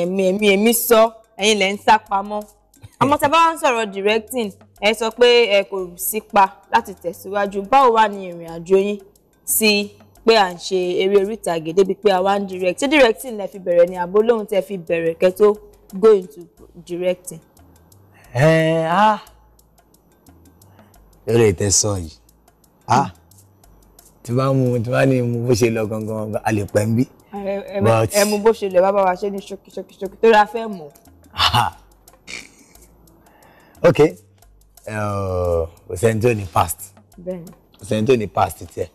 èmi èmi èmi sọ ẹ̀yin lẹ ń sá pamọ́ àmọ́ tẹ́ bá wá ń sọ̀rọ̀ directing ẹ sọ pé ẹ kò sípa láti tẹ̀síwájú báwo wá ní ìrìn àjò yín sí pé à ń ṣe eré orí ìtàgé débi pé àwa ń direct ṣé directing lẹ fi bẹ̀rẹ̀ ni àbó lóhun tẹ́ fi bẹ̀rẹ̀ kẹ́ tó go into directing. ẹ á eré ìtẹ̀sán yìí á tí bá mú tí bá ní mú bó ṣe lọ gangan a lè pẹ́ ń bí ẹ mú bó ṣe lè bá bá wa ṣe ní ṣókí ṣókí ṣókí tó ra fẹ́ mọ̀. ok ọ̀sẹ̀ tó ní past ọ̀sẹ̀ tó ní past tiẹ̀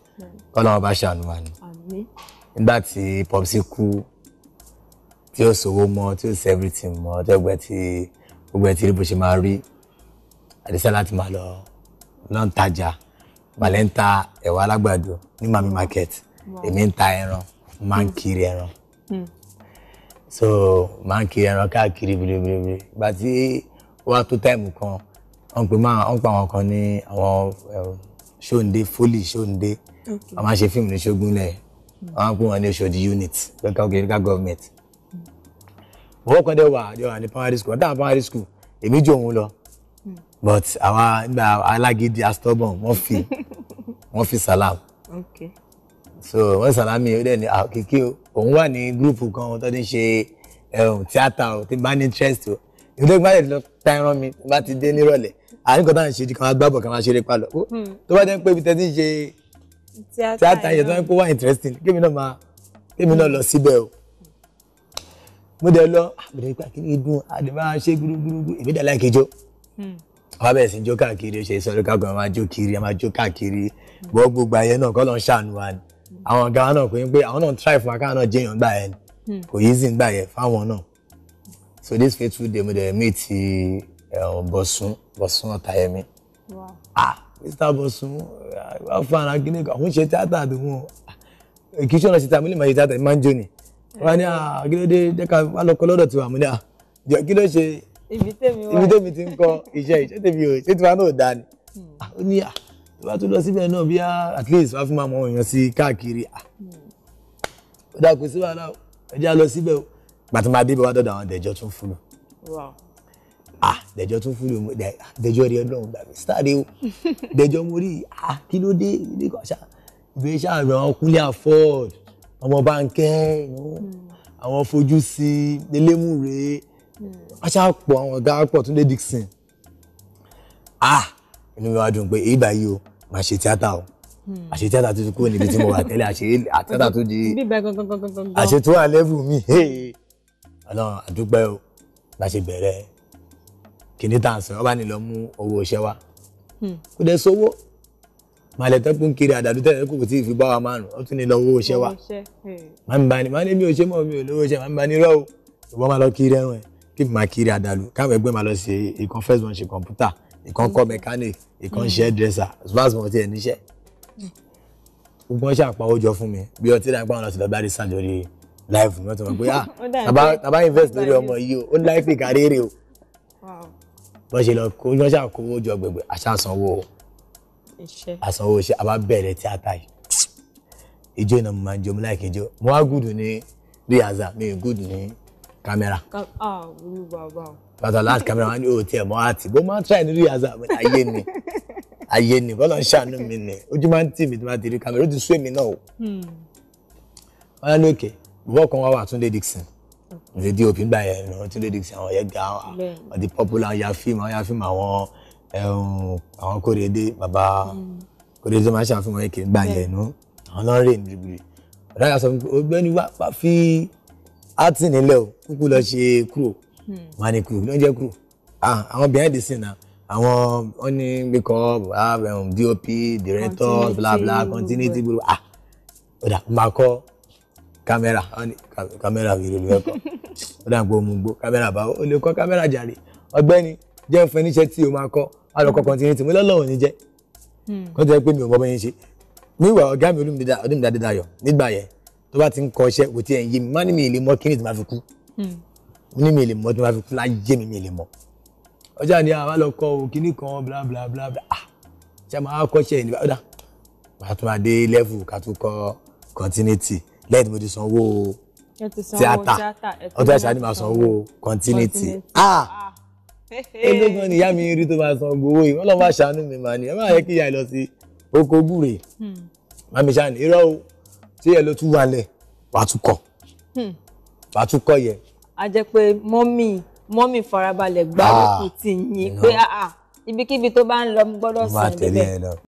kọ́lá ọba ṣàánú wa ni nígbà tí popsi kú tí ó sòwò mọ́ tí ó ṣe everything mọ́ tí ó gbẹ tí gbogbo ẹ ti rí bó ṣe máa rí àdìsá láti máa lọ lọ ń tajà balẹ̀ ń ta ẹ̀wà alágbàdo ní mami market èmi ń ta ẹran máa ń kiri ẹran hmm. so máa ń kiri ẹran káàkiri biribiribiri gba tí wàá tó táìmù kan wọn pè máa wọn pa àwọn kan ní àwọn um, ṣóǹde fólì ṣóǹde wọn máa ṣe fíìmù ní ṣógúnlẹ̀ hmm. wọn á pè wọn ní Oṣòdì unit lọ́kà òkè níkà gọ́ọ̀mẹ̀t owó kan dẹ̀ wà dẹ̀ wà ní primary school dáhùn primary school èmi jù òun lọ hmm. but àwa nígbà alágídí astobon wọ́n fi wọ́n fi salam. Okay so wọ́n sàlámì ó ni ní àkèké ah, òun wà ní gúrùpù kan tó ti ń ṣe eh, tíátà o ti bá ní interest o ìdílé gbọ́n lè lọ ta ẹran mi bá ti dé nírọ̀lẹ́ àní kan tá à ń ṣe di kan agbábọ̀ kan máa ṣeré palọ̀ hmm. tó bá jẹ́ pé ibi tẹ́tí ń ṣe tíátà yẹn tó ń pọ̀ wá interesting kémi náà máa kémi náà lọ síbẹ̀ o mo dẹ̀ lọ àbẹ̀rẹ̀ ah, ìgbà kí ni dùn àdìmọ́ ṣe gúrúgúrú èmi dẹ̀ láì kejò àwọn hmm. abẹ́rẹ́ sì ń jó káàkiri ṣe sọ́dọ̀ káàkiri máa jó kiri a máa jó káàkiri bọ́ gbogbo ayé náà kọ́ ló ń ṣàánú wa ni àwọn ọ̀gá wa náà kò ní pé àwọn náà try fún akáwọn náà jẹ́yàn gbà yẹn hmm. kò yí sí gbà yẹn fáwọn náà so this faithful day mo dẹ̀ meet eh, Bọ̀sún Bọ̀sún Ọ̀tayẹmí ah Mr. Bọ̀sún wà fún ara gíní kan àwọn ń ṣe tíátà àdó wọn kì í ṣọ́nà ṣe tàbí lè máa ṣe tíátà ẹ̀ máa ń jó ni wọn ní àgídéédé ah, dẹ́ka wà lọ́kọ́ lọ́dọ̀ tiwa mo ní à ah, jọ kí ló ṣe ibi tèmi ti ń kọ iṣẹ́ iṣẹ́ tèmi ò ṣé tiwa náà ò dáa ni hmm. ó ní à ah, tó bá tún lọ síbẹ̀ náà bí at least wàá fi máa mọ àwọn èèyàn sí káàkiri ah. ó dà kó sí wàhálà ẹjẹ́ á lọ síbẹ̀ o pàtó máa débẹ̀ wá dọ̀dọ̀ àwọn dẹ̀jọ́ tún fún un ah dẹjọ tún fún mi dẹjọ rí Ọlọ́run gbàgbé sítáre o dẹjọ mo rí ah kí ló dé ilé kan ṣá ìwé ṣàrọ àwọn kúnlé afford ọmọ báńkẹ́ àwọn fojú sí elémùrè aṣáàpọ̀ hmm. àwọn ọ̀gá pọ̀ Túndé Dixon ah inú mi wá dùn pé ìgbà yìí o màá ṣe tíátà o hmm. àṣe tíátà tó ti kúrò níbi tí mo wà tẹ́lẹ̀ àṣe tíátà tó di àṣe tó wà lẹ́bù mi ọlọ́run àdúpẹ́ o bá ṣe bẹ̀rẹ̀ kìíní tá à ń sọ ọba nílọ mú owó iṣẹ́ wa hmm. kò dẹ̀ sówó màlẹ̀tẹ́ kún kiri àdàdú tẹ̀lé kò tí ì fi bá wa márùn ó tún nílọ owó iṣẹ́ wa eh. máa ń bá ní máa ní mi ò ṣe mọ̀ mi ò lówó iṣẹ́ máa ń bá ní rọ́ o ìwọ máa lọ kiri ẹ̀wọ̀n kí n máa kiri àdàlù káwọn ẹgbẹ́ máa lọ ṣe ìkan first kọ̀ǹpútà ìkan kọ́ mm. mechanic ìkan mm. ṣe dresser as mo ti ẹ̀ níṣẹ́ gbogbo mm. ṣe àpawọ́ jọ fún mi bí ọtí náà gbọ́n lọ sí lọ́gbàdì sàn lórí láìfù mi wọ́n ti mọ̀ pé ah bàbá invest lórí ọmọ yìí o ó ní láìfì kárẹ́rẹ́ o bọ́n ṣe lọ kó wọ́n ṣe àkówó jọ gbẹ̀gbẹ̀ aṣásanwó o asanwó ṣe àbá bẹ̀rẹ̀ tíátà yìí ìjó iná mo máa ń jó mo láì kí n jó mo wá gùdù ní ríyàzà mi ì gùdù ní camera. ah olú bàbá o. pàtó láti camera wọn ni o tiẹ̀ mọ́ àti bó máa ń try ní rehearsal ayé ni ayé ni bọ́lá ń ṣàánú mi ni ojú máa ń tì mí tí máa ti rí camera ó ti sú èmi náà o. Hmm. wọ́n á ní òkè bọ́ọ̀ kan wá wà Túndé Dixon ní dí òfin gbà yẹn ní Túndé Dixon àwọn yẹn ga ọdí popular ya fíìmù àwọn ya fíìmù àwọn àwọn Kóredé bàbá hmm. Kóredé máa ń ṣàfihàn yẹn kì í gbà yẹn nù àwọn náà ń rìn rìbìrì ọ̀dà yà sọ fún mi ọgbẹ́ni wá fi acting nílẹ̀ o kúkú lọ ṣe kúrò wọn ni kúrò ló ń jẹ́ kúrò ah, àwọn behind the scene na àwọn wọn ní makeup um, dop director bla bla continuity gbogbo ah ọ̀dà máa kọ́ kámẹ́rà wọn ni kámẹ́rà wíìrì ló fẹ́ kọ́ ọ̀dà gbọ́ mu gbó kámẹ́rà báwo o lè kọ́ kámẹ́rà jàre ọgbẹ́ni jẹ́ fún ẹníṣẹ́ tí o máa kọ́ alọ́kọ́ continuity mo lọ́lọ́run ní jẹ́ hmm. kó tẹ́ pé mi ò mọ bẹ́yẹn ṣe mi wà ọ̀gá mi olùmídàdé dayọ̀ nígbà yẹn tó bá ti ń kọ iṣẹ́ kò tiẹ̀ ń yé mi má ní mi lè mọ kí ni tí fi kú hmm. ní mi lè mọ tí ma fi kú láyé mi mi lè mọ. ọjà ni àwa lọ kọ òkìní kan bla bla bla bla ah ṣé a máa kọ́ iṣẹ́ ìdìbò wàá tún máa dé lẹ́fù ká tún kọ́ continuity lẹ́yìn tí mo ti sanwó tíátà ọjọ́ ìṣáájú ni màá sanwó continuity ah eléegun ah! ni ìyá mi rí tó máa san gbowó yìí wọ́n lọ́ máa ṣàánú mi màá ní ẹ máa yẹ kí ìyá ẹ lọ sí oko hmm. màmí ṣàánú irọ́ o tí yẹn ló tún wà lẹ̀ wàá tún kọ hmm. wàá tún kọ yẹn. a jẹ pé mọ́mì mọ́mì farabalẹ̀ gbárùkù ah, tì yín pé ah, ah, ibikíbi tó bá ń lọ gbọ́dọ̀ sùn níbẹ̀.